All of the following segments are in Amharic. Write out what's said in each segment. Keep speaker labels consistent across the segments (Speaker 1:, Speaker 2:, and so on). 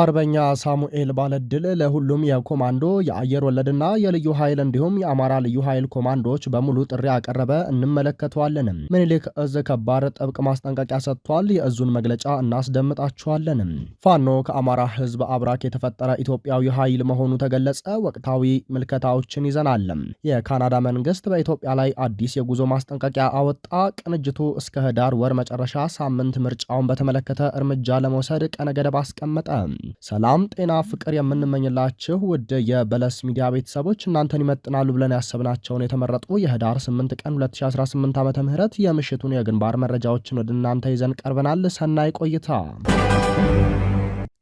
Speaker 1: አርበኛ ሳሙኤል ባለድል ለሁሉም የኮማንዶ የአየር ወለድና የልዩ ኃይል እንዲሁም የአማራ ልዩ ኃይል ኮማንዶዎች በሙሉ ጥሪ አቀረበ። እንመለከተዋለንም። ምኒልክ እዝ ከባድ ጥብቅ ማስጠንቀቂያ ሰጥቷል። የእዙን መግለጫ እናስደምጣችኋለንም። ፋኖ ከአማራ ህዝብ አብራክ የተፈጠረ ኢትዮጵያዊ ኃይል መሆኑ ተገለጸ። ወቅታዊ ምልከታዎችን ይዘናል። የካናዳ መንግስት በኢትዮጵያ ላይ አዲስ የጉዞ ማስጠንቀቂያ አወጣ። ቅንጅቱ እስከ ህዳር ወር መጨረሻ ሳምንት ምርጫውን በተመለከተ እርምጃ ለመውሰድ ቀነ ገደብ አስቀመጠ። ሰላም፣ ጤና፣ ፍቅር የምንመኝላችሁ ውድ የበለስ ሚዲያ ቤተሰቦች እናንተን ይመጥናሉ ብለን ያሰብናቸውን የተመረጡ የህዳር 8 ቀን 2018 ዓ ም የምሽቱን የግንባር መረጃዎችን ወደ እናንተ ይዘን ቀርበናል። ሰናይ ቆይታ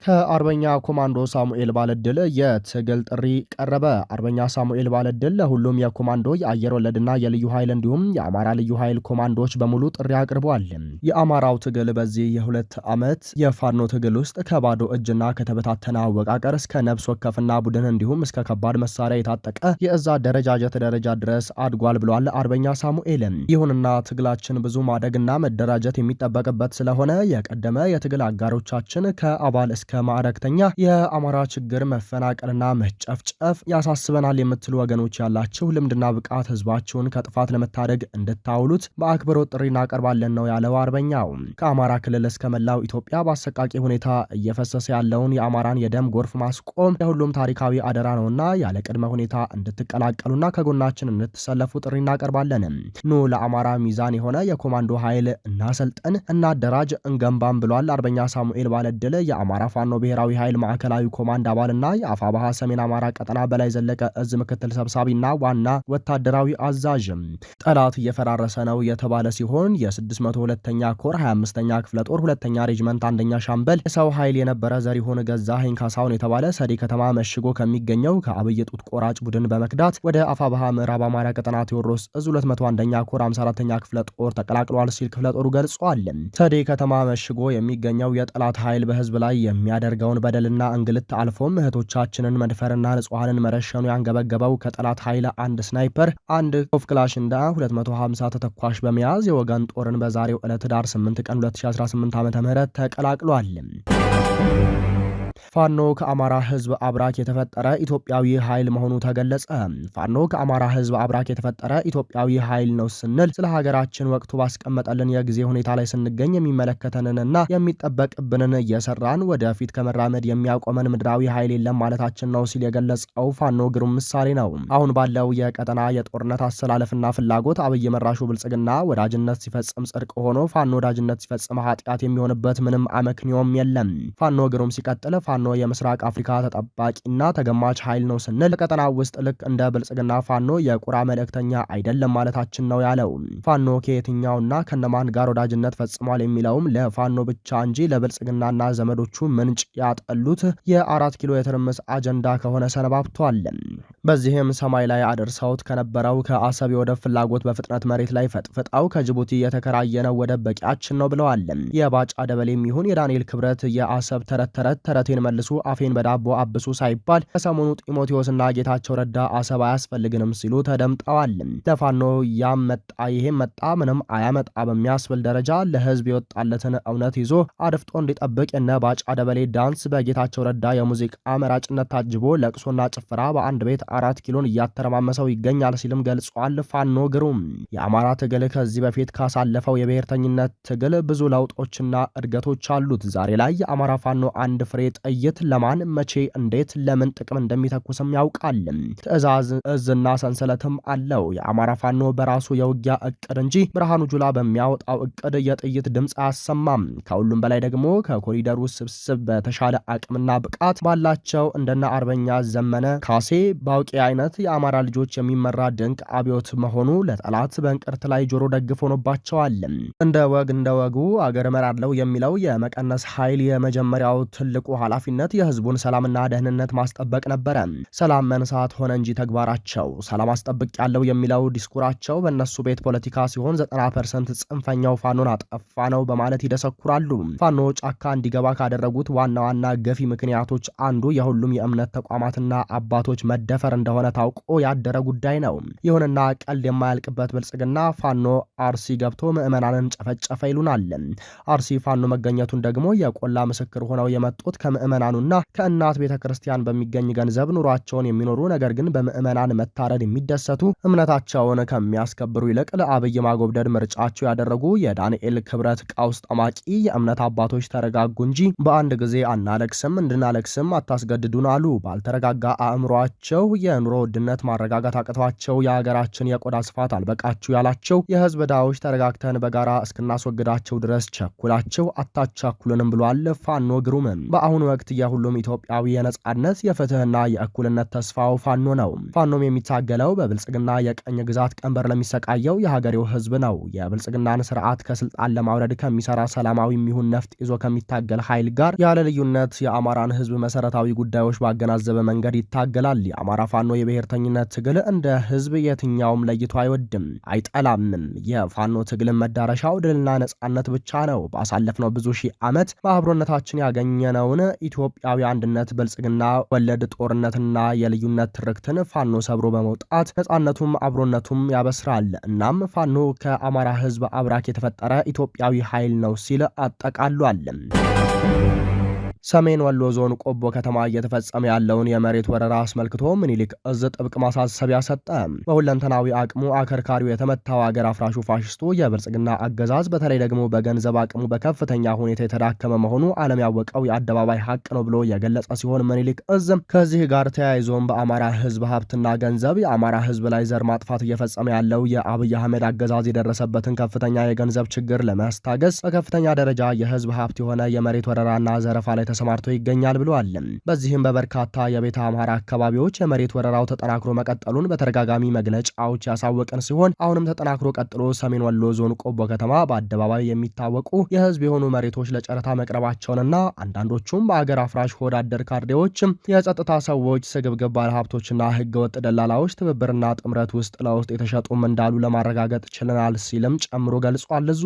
Speaker 1: ከአርበኛ ኮማንዶ ሳሙኤል ባለድል የትግል ጥሪ ቀረበ። አርበኛ ሳሙኤል ባለድል ለሁሉም የኮማንዶ የአየር ወለድና የልዩ ኃይል እንዲሁም የአማራ ልዩ ኃይል ኮማንዶዎች በሙሉ ጥሪ አቅርበዋል። የአማራው ትግል በዚህ የሁለት ዓመት የፋኖ ትግል ውስጥ ከባዶ እጅና ከተበታተነ አወቃቀር እስከ ነብስ ወከፍና ቡድን እንዲሁም እስከ ከባድ መሳሪያ የታጠቀ የእዛ ደረጃጀት ደረጃ ድረስ አድጓል ብሏል አርበኛ ሳሙኤል። ይሁንና ትግላችን ብዙ ማደግና መደራጀት የሚጠበቅበት ስለሆነ የቀደመ የትግል አጋሮቻችን ከአባል እስከ ከማዕረግተኛ የአማራ ችግር መፈናቀልና መጨፍጨፍ ያሳስበናል የምትሉ ወገኖች ያላችሁ ልምድና ብቃት ህዝባችሁን ከጥፋት ለመታደግ እንድታውሉት በአክብሮት ጥሪ እናቀርባለን ነው ያለው አርበኛው። ከአማራ ክልል እስከ መላው ኢትዮጵያ በአሰቃቂ ሁኔታ እየፈሰሰ ያለውን የአማራን የደም ጎርፍ ማስቆም የሁሉም ታሪካዊ አደራ ነውና ያለ ቅድመ ሁኔታ እንድትቀላቀሉና ከጎናችን እንድትሰለፉ ጥሪ እናቀርባለን። ኑ ለአማራ ሚዛን የሆነ የኮማንዶ ኃይል እናሰልጠን እናደራጅ፣ እንገንባም ብሏል አርበኛ ሳሙኤል ባለድል የአማራ የፋኖ ብሔራዊ ኃይል ማዕከላዊ ኮማንድ አባልና የአፋባሃ ሰሜን አማራ ቀጠና በላይ ዘለቀ እዝ ምክትል ሰብሳቢና ዋና ወታደራዊ አዛዥም ጠላት እየፈራረሰ ነው የተባለ ሲሆን የ602ኛ ኮር 25ኛ ክፍለ ጦር ሁለተኛ ሬጅመንት አንደኛ ሻምበል የሰው ኃይል የነበረ ዘሪሆን ገዛ ካሳሁን የተባለ ሰዴ ከተማ መሽጎ ከሚገኘው ከአብይ ጡት ቆራጭ ቡድን በመክዳት ወደ አፋባሃ ምዕራብ አማራ ቀጠና ቴዎድሮስ እዝ 201ኛ ኮር 54ኛ ክፍለ ጦር ተቀላቅሏል ሲል ክፍለ ጦሩ ገልጿል። ሰዴ ከተማ መሽጎ የሚገኘው የጠላት ኃይል በህዝብ ላይ የሚያ የሚያደርገውን በደልና እንግልት አልፎም እህቶቻችንን መድፈርና ንጹሐንን መረሸኑ ያንገበገበው ከጠላት ኃይል አንድ ስናይፐር አንድ ኮፍ ክላሽ 250 ተተኳሽ በመያዝ የወገን ጦርን በዛሬው ዕለት ዳር 8 ቀን 2018 ዓ ም ተቀላቅሏል። ፋኖ ከአማራ ህዝብ አብራክ የተፈጠረ ኢትዮጵያዊ ኃይል መሆኑ ተገለጸ። ፋኖ ከአማራ ህዝብ አብራክ የተፈጠረ ኢትዮጵያዊ ኃይል ነው ስንል ስለ ሀገራችን ወቅቱ ባስቀመጠልን የጊዜ ሁኔታ ላይ ስንገኝ የሚመለከተንንና የሚጠበቅብንን እየሰራን ወደፊት ከመራመድ የሚያቆመን ምድራዊ ኃይል የለም ማለታችን ነው ሲል የገለጸው ፋኖ ግሩም ምሳሌ ነው። አሁን ባለው የቀጠና የጦርነት አሰላለፍና ፍላጎት አብይ መራሹ ብልጽግና ወዳጅነት ሲፈጽም ጽድቅ ሆኖ ፋኖ ወዳጅነት ሲፈጽም ኃጢአት የሚሆንበት ምንም አመክንዮም የለም። ፋኖ ግሩም ሲቀጥል ፋኖ የምስራቅ አፍሪካ ተጠባቂና ተገማች ኃይል ነው ስንል ቀጠና ውስጥ ልክ እንደ ብልጽግና ፋኖ የቁራ መልእክተኛ አይደለም ማለታችን ነው ያለው። ፋኖ ከየትኛውና ከነማን ጋር ወዳጅነት ፈጽሟል የሚለውም ለፋኖ ብቻ እንጂ ለብልጽግናና ዘመዶቹ ምንጭ ያጠሉት የአራት ኪሎ የትርምስ አጀንዳ ከሆነ ሰነባብቷል። በዚህም ሰማይ ላይ አድርሰውት ከነበረው ከአሰብ የወደብ ፍላጎት በፍጥነት መሬት ላይ ፈጥፍጣው ከጅቡቲ የተከራየነው ወደብ በቂያችን ነው ብለዋል። የባጫ ደበሌም ይሁን የዳንኤል ክብረት የአሰብ ተረት ተረት ተረት አፌን መልሱ አፌን በዳቦ አብሱ ሳይባል ከሰሞኑ ጢሞቴዎስና ጌታቸው ረዳ አሰብ አያስፈልግንም ሲሉ ተደምጠዋል። ለፋኖ ያም መጣ ይሄም መጣ ምንም አያመጣ በሚያስብል ደረጃ ለህዝብ የወጣለትን እውነት ይዞ አድፍጦ እንዲጠብቅ የነ ባጫ ደበሌ ዳንስ በጌታቸው ረዳ የሙዚቃ መራጭነት ታጅቦ ለቅሶና ጭፈራ በአንድ ቤት አራት ኪሎን እያተረማመሰው ይገኛል ሲልም ገልጿል። ፋኖ ግሩም የአማራ ትግል ከዚህ በፊት ካሳለፈው የብሔርተኝነት ትግል ብዙ ለውጦችና እድገቶች አሉት። ዛሬ ላይ የአማራ ፋኖ አንድ ፍሬ ጥይት ለማን መቼ፣ እንዴት፣ ለምን ጥቅም እንደሚተኩስም ያውቃል። ትዕዛዝ እዝና ሰንሰለትም አለው። የአማራ ፋኖ በራሱ የውጊያ እቅድ እንጂ ብርሃኑ ጁላ በሚያወጣው እቅድ የጥይት ድምፅ አያሰማም። ከሁሉም በላይ ደግሞ ከኮሪደሩ ስብስብ በተሻለ አቅምና ብቃት ባላቸው እንደነ አርበኛ ዘመነ ካሴ በአውቂ አይነት የአማራ ልጆች የሚመራ ድንቅ አብዮት መሆኑ ለጠላት በእንቅርት ላይ ጆሮ ደግፎ ሆኖባቸዋል። እንደ ወግ እንደ ወጉ አገር እመራለሁ የሚለው የመቀነስ ኃይል የመጀመሪያው ትልቁ ኋላ ኃላፊነት የህዝቡን ሰላምና ደህንነት ማስጠበቅ ነበረ። ሰላም መንሳት ሆነ እንጂ ተግባራቸው። ሰላም አስጠብቅ ያለው የሚለው ዲስኩራቸው በእነሱ ቤት ፖለቲካ ሲሆን 90 ፐርሰንት ጽንፈኛው ፋኖን አጠፋ ነው በማለት ይደሰኩራሉ። ፋኖ ጫካ እንዲገባ ካደረጉት ዋና ዋና ገፊ ምክንያቶች አንዱ የሁሉም የእምነት ተቋማትና አባቶች መደፈር እንደሆነ ታውቆ ያደረ ጉዳይ ነው። ይሁንና ቀልድ የማያልቅበት ብልጽግና ፋኖ አርሲ ገብቶ ምዕመናንን ጨፈጨፈ ይሉናል። አርሲ ፋኖ መገኘቱን ደግሞ የቆላ ምስክር ሆነው የመጡት ከምዕመ ምዕመናኑና ከእናት ቤተ ክርስቲያን በሚገኝ ገንዘብ ኑሯቸውን የሚኖሩ ነገር ግን በምዕመናን መታረድ የሚደሰቱ እምነታቸውን ከሚያስከብሩ ይልቅ ለአብይ ማጎብደድ ምርጫቸው ያደረጉ የዳንኤል ክብረት ቀውስ ጠማቂ የእምነት አባቶች ተረጋጉ እንጂ በአንድ ጊዜ አናለቅስም፣ እንድናለቅስም አታስገድዱን አሉ። ባልተረጋጋ አእምሯቸው የኑሮ ውድነት ማረጋጋት አቅቷቸው የሀገራችን የቆዳ ስፋት አልበቃችሁ ያላቸው የህዝብ ዕዳዎች ተረጋግተን በጋራ እስክናስወግዳቸው ድረስ ቸኩላቸው አታቻኩልንም ብሏል ፋኖ ግሩምም። በአሁኑ ወቅት የሁሉም ኢትዮጵያዊ የነጻነት የፍትህና የእኩልነት ተስፋው ፋኖ ነው። ፋኖም የሚታገለው በብልጽግና የቀኝ ግዛት ቀንበር ለሚሰቃየው የሀገሬው ህዝብ ነው። የብልጽግናን ስርዓት ከስልጣን ለማውረድ ከሚሰራ ሰላማዊ የሚሆን ነፍጥ ይዞ ከሚታገል ኃይል ጋር ያለ ልዩነት የአማራን ህዝብ መሰረታዊ ጉዳዮች ባገናዘበ መንገድ ይታገላል። የአማራ ፋኖ የብሔርተኝነት ትግል እንደ ህዝብ የትኛውም ለይቶ አይወድም፣ አይጠላምም። የፋኖ ትግልን መዳረሻው ድልና ነጻነት ብቻ ነው። ባሳለፍነው ብዙ ሺህ ዓመት በአብሮነታችን ያገኘነውን ኢትዮጵያዊ አንድነት ብልጽግና ወለድ ጦርነትና የልዩነት ትርክትን ፋኖ ሰብሮ በመውጣት ነጻነቱም አብሮነቱም ያበስራል። እናም ፋኖ ከአማራ ህዝብ አብራክ የተፈጠረ ኢትዮጵያዊ ኃይል ነው ሲል አጠቃሏል። ሰሜን ወሎ ዞን ቆቦ ከተማ እየተፈጸመ ያለውን የመሬት ወረራ አስመልክቶ ምኒልክ እዝ ጥብቅ ማሳሰቢያ ሰጠ። በሁለንተናዊ አቅሙ አከርካሪው የተመታው አገር አፍራሹ ፋሽስቱ የብልጽግና አገዛዝ በተለይ ደግሞ በገንዘብ አቅሙ በከፍተኛ ሁኔታ የተዳከመ መሆኑ ዓለም ያወቀው የአደባባይ ሀቅ ነው ብሎ የገለጸ ሲሆን ምኒልክ እዝ ከዚህ ጋር ተያይዞም በአማራ ህዝብ ሀብትና ገንዘብ የአማራ ህዝብ ላይ ዘር ማጥፋት እየፈጸመ ያለው የአብይ አህመድ አገዛዝ የደረሰበትን ከፍተኛ የገንዘብ ችግር ለማስታገስ በከፍተኛ ደረጃ የህዝብ ሀብት የሆነ የመሬት ወረራና ዘረፋ ላይ ተሰማርቶ ይገኛል ብለዋል። በዚህም በበርካታ የቤተ አማራ አካባቢዎች የመሬት ወረራው ተጠናክሮ መቀጠሉን በተደጋጋሚ መግለጫዎች ያሳወቀን ሲሆን አሁንም ተጠናክሮ ቀጥሎ ሰሜን ወሎ ዞን ቆቦ ከተማ በአደባባይ የሚታወቁ የህዝብ የሆኑ መሬቶች ለጨረታ መቅረባቸውንና አንዳንዶቹም በአገር አፍራሽ ሆዳደር አደር ካድሬዎች፣ የጸጥታ ሰዎች፣ ስግብግብ ባለሀብቶችና ህገወጥ ደላላዎች ትብብርና ጥምረት ውስጥ ለውስጥ የተሸጡም እንዳሉ ለማረጋገጥ ችለናል ሲልም ጨምሮ ገልጿል። እዙ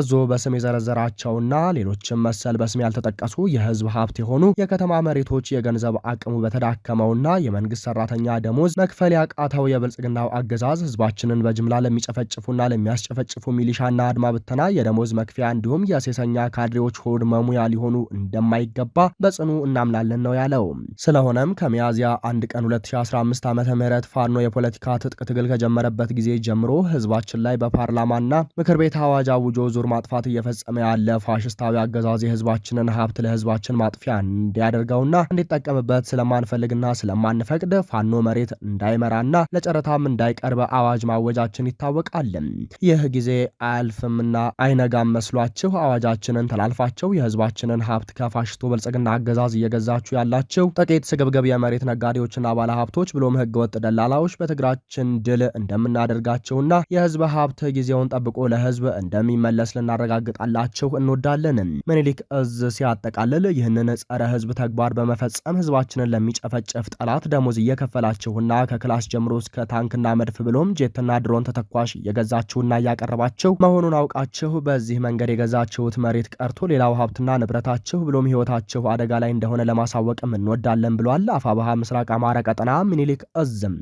Speaker 1: እዙ በስም የዘረዘራቸውና ሌሎችም መሰል በስም ያልተጠቀሱ የህዝብ የህዝብ ሀብት የሆኑ የከተማ መሬቶች የገንዘብ አቅሙ በተዳከመውና የመንግስት ሰራተኛ ደሞዝ መክፈል ያቃተው የብልጽግናው አገዛዝ ህዝባችንን በጅምላ ለሚጨፈጭፉና ለሚያስጨፈጭፉ ሚሊሻና አድማ ብተና የደሞዝ መክፈያ እንዲሁም የሴሰኛ ካድሬዎች ሆድ መሙያ ሊሆኑ እንደማይገባ በጽኑ እናምናለን ነው ያለው። ስለሆነም ከሚያዝያ አንድ ቀን 2015 ዓ ም ፋኖ የፖለቲካ ትጥቅ ትግል ከጀመረበት ጊዜ ጀምሮ ህዝባችን ላይ በፓርላማና ምክር ቤት አዋጅ አውጆ ዙር ማጥፋት እየፈጸመ ያለ ፋሽስታዊ አገዛዝ የህዝባችንን ሀብት ለህዝባችን የራሳችን ማጥፊያ እንዲያደርገውና እንዲጠቀምበት ስለማንፈልግና ስለማንፈቅድ ፋኖ መሬት እንዳይመራና ለጨረታም እንዳይቀርብ አዋጅ ማወጃችን ይታወቃል። ይህ ጊዜ አያልፍምና አይነጋም መስሏችሁ አዋጃችንን ተላልፋቸው የህዝባችንን ሀብት ከፋሽቶ ብልጽግና አገዛዝ እየገዛችሁ ያላቸው ጥቂት ስግብግብ የመሬት ነጋዴዎችና ባለሀብቶች ብሎም ህገወጥ ደላላዎች በትግራችን ድል እንደምናደርጋቸውና የህዝብ ሀብት ጊዜውን ጠብቆ ለህዝብ እንደሚመለስ ልናረጋግጣላችሁ እንወዳለን። ምኒልክ እዝ ሲያጠቃልል ይህ ይህንን ጸረ ህዝብ ተግባር በመፈጸም ህዝባችንን ለሚጨፈጨፍ ጠላት ደሞዝ እየከፈላችሁና ከክላስ ጀምሮ እስከ ታንክና መድፍ ብሎም ጄትና ድሮን ተተኳሽ እየገዛችሁና እያቀረባችሁ መሆኑን አውቃችሁ በዚህ መንገድ የገዛችሁት መሬት ቀርቶ ሌላው ሀብትና ንብረታችሁ ብሎም ህይወታችሁ አደጋ ላይ እንደሆነ ለማሳወቅም እንወዳለን ብሏል አፋባሃ ምስራቅ አማራ ቀጠና ሚኒሊክ እዝም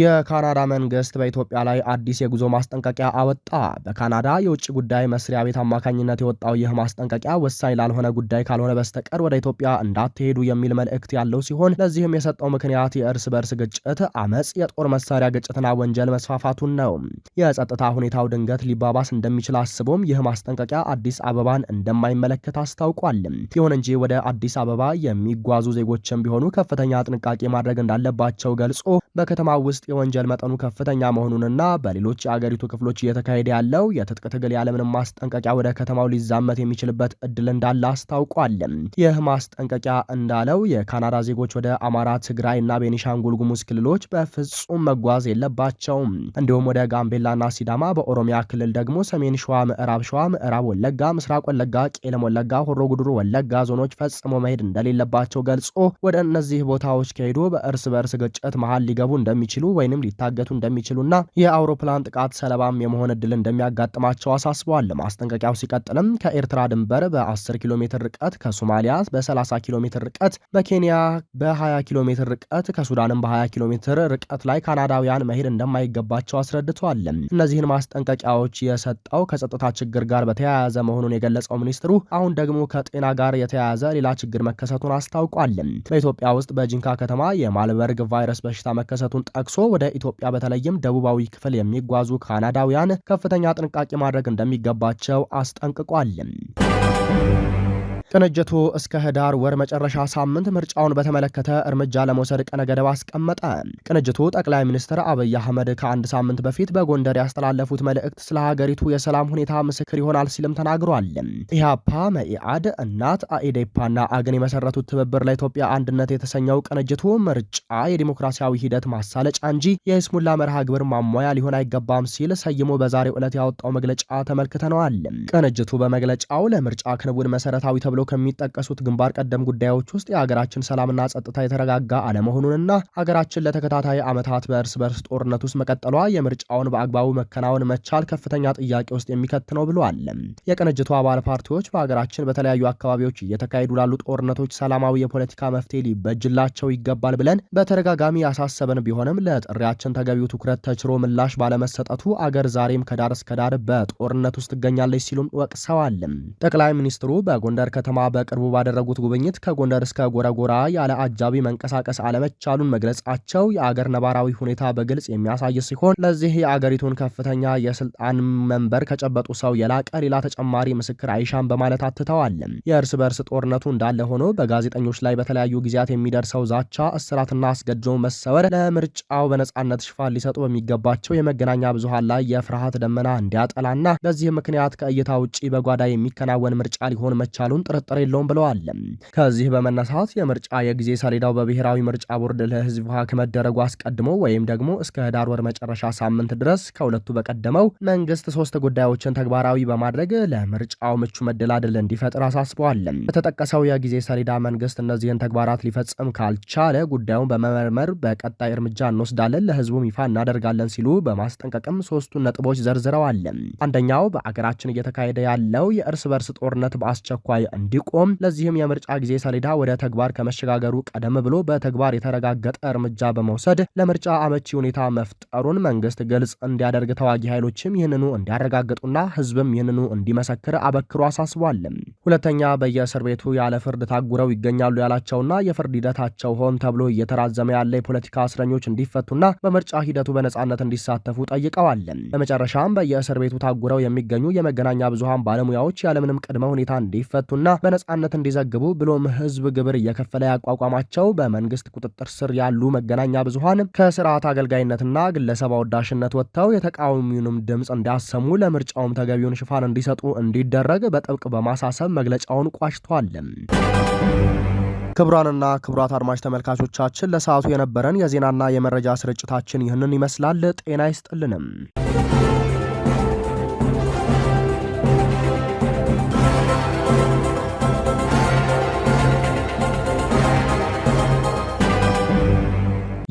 Speaker 1: የካናዳ መንግስት በኢትዮጵያ ላይ አዲስ የጉዞ ማስጠንቀቂያ አወጣ። በካናዳ የውጭ ጉዳይ መስሪያ ቤት አማካኝነት የወጣው ይህ ማስጠንቀቂያ ወሳኝ ላልሆነ ጉዳይ ካልሆነ በስተቀር ወደ ኢትዮጵያ እንዳትሄዱ የሚል መልእክት ያለው ሲሆን ለዚህም የሰጠው ምክንያት የእርስ በርስ ግጭት፣ አመፅ፣ የጦር መሳሪያ ግጭትና ወንጀል መስፋፋቱን ነው። የጸጥታ ሁኔታው ድንገት ሊባባስ እንደሚችል አስቦም ይህ ማስጠንቀቂያ አዲስ አበባን እንደማይመለከት አስታውቋል። ይሁን እንጂ ወደ አዲስ አበባ የሚጓዙ ዜጎችም ቢሆኑ ከፍተኛ ጥንቃቄ ማድረግ እንዳለባቸው ገልጾ በከተማ ውስጥ የወንጀል መጠኑ ከፍተኛ መሆኑንና በሌሎች የአገሪቱ ክፍሎች እየተካሄደ ያለው የትጥቅ ትግል ያለምንም ማስጠንቀቂያ ወደ ከተማው ሊዛመት የሚችልበት እድል እንዳለ አስታውቋል። ይህ ማስጠንቀቂያ እንዳለው የካናዳ ዜጎች ወደ አማራ፣ ትግራይ እና ቤኒሻንጉል ጉሙዝ ክልሎች በፍጹም መጓዝ የለባቸውም። እንዲሁም ወደ ጋምቤላና ሲዳማ፣ በኦሮሚያ ክልል ደግሞ ሰሜን ሸዋ፣ ምዕራብ ሸዋ፣ ምዕራብ ወለጋ፣ ምስራቅ ወለጋ፣ ቄለም ወለጋ፣ ሆሮ ጉድሩ ወለጋ ዞኖች ፈጽሞ መሄድ እንደሌለባቸው ገልጾ ወደ እነዚህ ቦታዎች ከሄዱ በእርስ በእርስ ግጭት መሀል ሊገቡ እንደሚችሉ ወይንም ሊታገቱ እንደሚችሉና የአውሮፕላን ጥቃት ሰለባም የመሆን እድል እንደሚያጋጥማቸው አሳስበዋል። ማስጠንቀቂያው ሲቀጥልም ከኤርትራ ድንበር በ10 ኪሎ ሜትር ርቀት፣ ከሶማሊያ በ30 ኪሎ ሜትር ርቀት፣ በኬንያ በ20 ኪሎ ሜትር ርቀት፣ ከሱዳንም በ20 ኪሎ ሜትር ርቀት ላይ ካናዳውያን መሄድ እንደማይገባቸው አስረድተዋል። እነዚህን ማስጠንቀቂያዎች የሰጠው ከጸጥታ ችግር ጋር በተያያዘ መሆኑን የገለጸው ሚኒስትሩ አሁን ደግሞ ከጤና ጋር የተያያዘ ሌላ ችግር መከሰቱን አስታውቋል። በኢትዮጵያ ውስጥ በጂንካ ከተማ የማልበርግ ቫይረስ በሽታ መከሰቱን ጠቅሶ ተጠቅሶ ወደ ኢትዮጵያ በተለይም ደቡባዊ ክፍል የሚጓዙ ካናዳውያን ከፍተኛ ጥንቃቄ ማድረግ እንደሚገባቸው አስጠንቅቋል። ቅንጅቱ እስከ ህዳር ወር መጨረሻ ሳምንት ምርጫውን በተመለከተ እርምጃ ለመውሰድ ቀነ ገደብ አስቀመጠ። ቅንጅቱ ጠቅላይ ሚኒስትር አብይ አህመድ ከአንድ ሳምንት በፊት በጎንደር ያስተላለፉት መልእክት ስለ ሀገሪቱ የሰላም ሁኔታ ምስክር ይሆናል ሲልም ተናግሯል። ኢህአፓ፣ መኢአድ፣ እናት፣ አኢዴፓና አግን የመሰረቱት ትብብር ለኢትዮጵያ አንድነት የተሰኘው ቅንጅቱ ምርጫ የዲሞክራሲያዊ ሂደት ማሳለጫ እንጂ የስሙላ መርሃ ግብር ማሟያ ሊሆን አይገባም ሲል ሰይሞ በዛሬው ዕለት ያወጣው መግለጫ ተመልክተነዋል። ቅንጅቱ በመግለጫው ለምርጫ ክንውን መሰረታዊ ተብሎ ተብለው ከሚጠቀሱት ግንባር ቀደም ጉዳዮች ውስጥ የሀገራችን ሰላምና ጸጥታ የተረጋጋ አለመሆኑንና ሀገራችን ለተከታታይ ዓመታት በእርስ በርስ ጦርነት ውስጥ መቀጠሏ የምርጫውን በአግባቡ መከናወን መቻል ከፍተኛ ጥያቄ ውስጥ የሚከት ነው ብለዋል። የቅንጅቱ አባል ፓርቲዎች በሀገራችን በተለያዩ አካባቢዎች እየተካሄዱ ላሉ ጦርነቶች ሰላማዊ የፖለቲካ መፍትሄ ሊበጅላቸው ይገባል ብለን በተደጋጋሚ ያሳሰበን ቢሆንም ለጥሪያችን ተገቢው ትኩረት ተችሮ ምላሽ ባለመሰጠቱ አገር ዛሬም ከዳር እስከ ዳር በጦርነት ውስጥ ትገኛለች ሲሉም ወቅሰዋል። ጠቅላይ ሚኒስትሩ በጎንደር ከተማ በቅርቡ ባደረጉት ጉብኝት ከጎንደር እስከ ጎረጎራ ያለ አጃቢ መንቀሳቀስ አለመቻሉን መግለጻቸው የአገር ነባራዊ ሁኔታ በግልጽ የሚያሳይ ሲሆን ለዚህ የአገሪቱን ከፍተኛ የስልጣን መንበር ከጨበጡ ሰው የላቀ ሌላ ተጨማሪ ምስክር አይሻም በማለት አትተዋል። የእርስ በርስ ጦርነቱ እንዳለ ሆኖ በጋዜጠኞች ላይ በተለያዩ ጊዜያት የሚደርሰው ዛቻ፣ እስራትና አስገድዶ መሰወር ለምርጫው በነጻነት ሽፋን ሊሰጡ በሚገባቸው የመገናኛ ብዙሃን ላይ የፍርሃት ደመና እንዲያጠላና በዚህ ምክንያት ከእይታ ውጪ በጓዳ የሚከናወን ምርጫ ሊሆን መቻሉን ጥርጥር የለውም ብለዋል። ከዚህ በመነሳት የምርጫ የጊዜ ሰሌዳው በብሔራዊ ምርጫ ቦርድ ለህዝብ ውሃ ከመደረጉ አስቀድሞ ወይም ደግሞ እስከ ህዳር ወር መጨረሻ ሳምንት ድረስ ከሁለቱ በቀደመው መንግስት ሶስት ጉዳዮችን ተግባራዊ በማድረግ ለምርጫው ምቹ መደላደል እንዲፈጥር አሳስበዋል። በተጠቀሰው የጊዜ ሰሌዳ መንግስት እነዚህን ተግባራት ሊፈጽም ካልቻለ ጉዳዩን በመመርመር በቀጣይ እርምጃ እንወስዳለን፣ ለህዝቡም ይፋ እናደርጋለን ሲሉ በማስጠንቀቅም ሶስቱን ነጥቦች ዘርዝረዋል። አንደኛው በአገራችን እየተካሄደ ያለው የእርስ በርስ ጦርነት በአስቸኳይ እንዲቆም ለዚህም የምርጫ ጊዜ ሰሌዳ ወደ ተግባር ከመሸጋገሩ ቀደም ብሎ በተግባር የተረጋገጠ እርምጃ በመውሰድ ለምርጫ አመቺ ሁኔታ መፍጠሩን መንግስት ግልጽ እንዲያደርግ ተዋጊ ኃይሎችም ይህንኑ እንዲያረጋግጡና ህዝብም ይህንኑ እንዲመሰክር አበክሮ አሳስቧል። ሁለተኛ በየእስር ቤቱ ያለ ፍርድ ታጉረው ይገኛሉ ያላቸውና የፍርድ ሂደታቸው ሆን ተብሎ እየተራዘመ ያለ የፖለቲካ እስረኞች እንዲፈቱና በምርጫ ሂደቱ በነጻነት እንዲሳተፉ ጠይቀዋል። በመጨረሻም በየእስር ቤቱ ታጉረው የሚገኙ የመገናኛ ብዙሃን ባለሙያዎች ያለምንም ቅድመ ሁኔታ እንዲፈቱና በነጻነት እንዲዘግቡ ብሎም ህዝብ ግብር እየከፈለ ያቋቋማቸው በመንግስት ቁጥጥር ስር ያሉ መገናኛ ብዙሀን ከስርዓት አገልጋይነትና ግለሰብ አወዳሽነት ወጥተው የተቃዋሚውንም ድምፅ እንዲያሰሙ ለምርጫውም ተገቢውን ሽፋን እንዲሰጡ እንዲደረግ በጥብቅ በማሳሰብ መግለጫውን ቋጭቷል። ክቡራንና ክቡራት አድማጭ ተመልካቾቻችን ለሰዓቱ የነበረን የዜናና የመረጃ ስርጭታችን ይህንን ይመስላል። ጤና ይስጥልንም።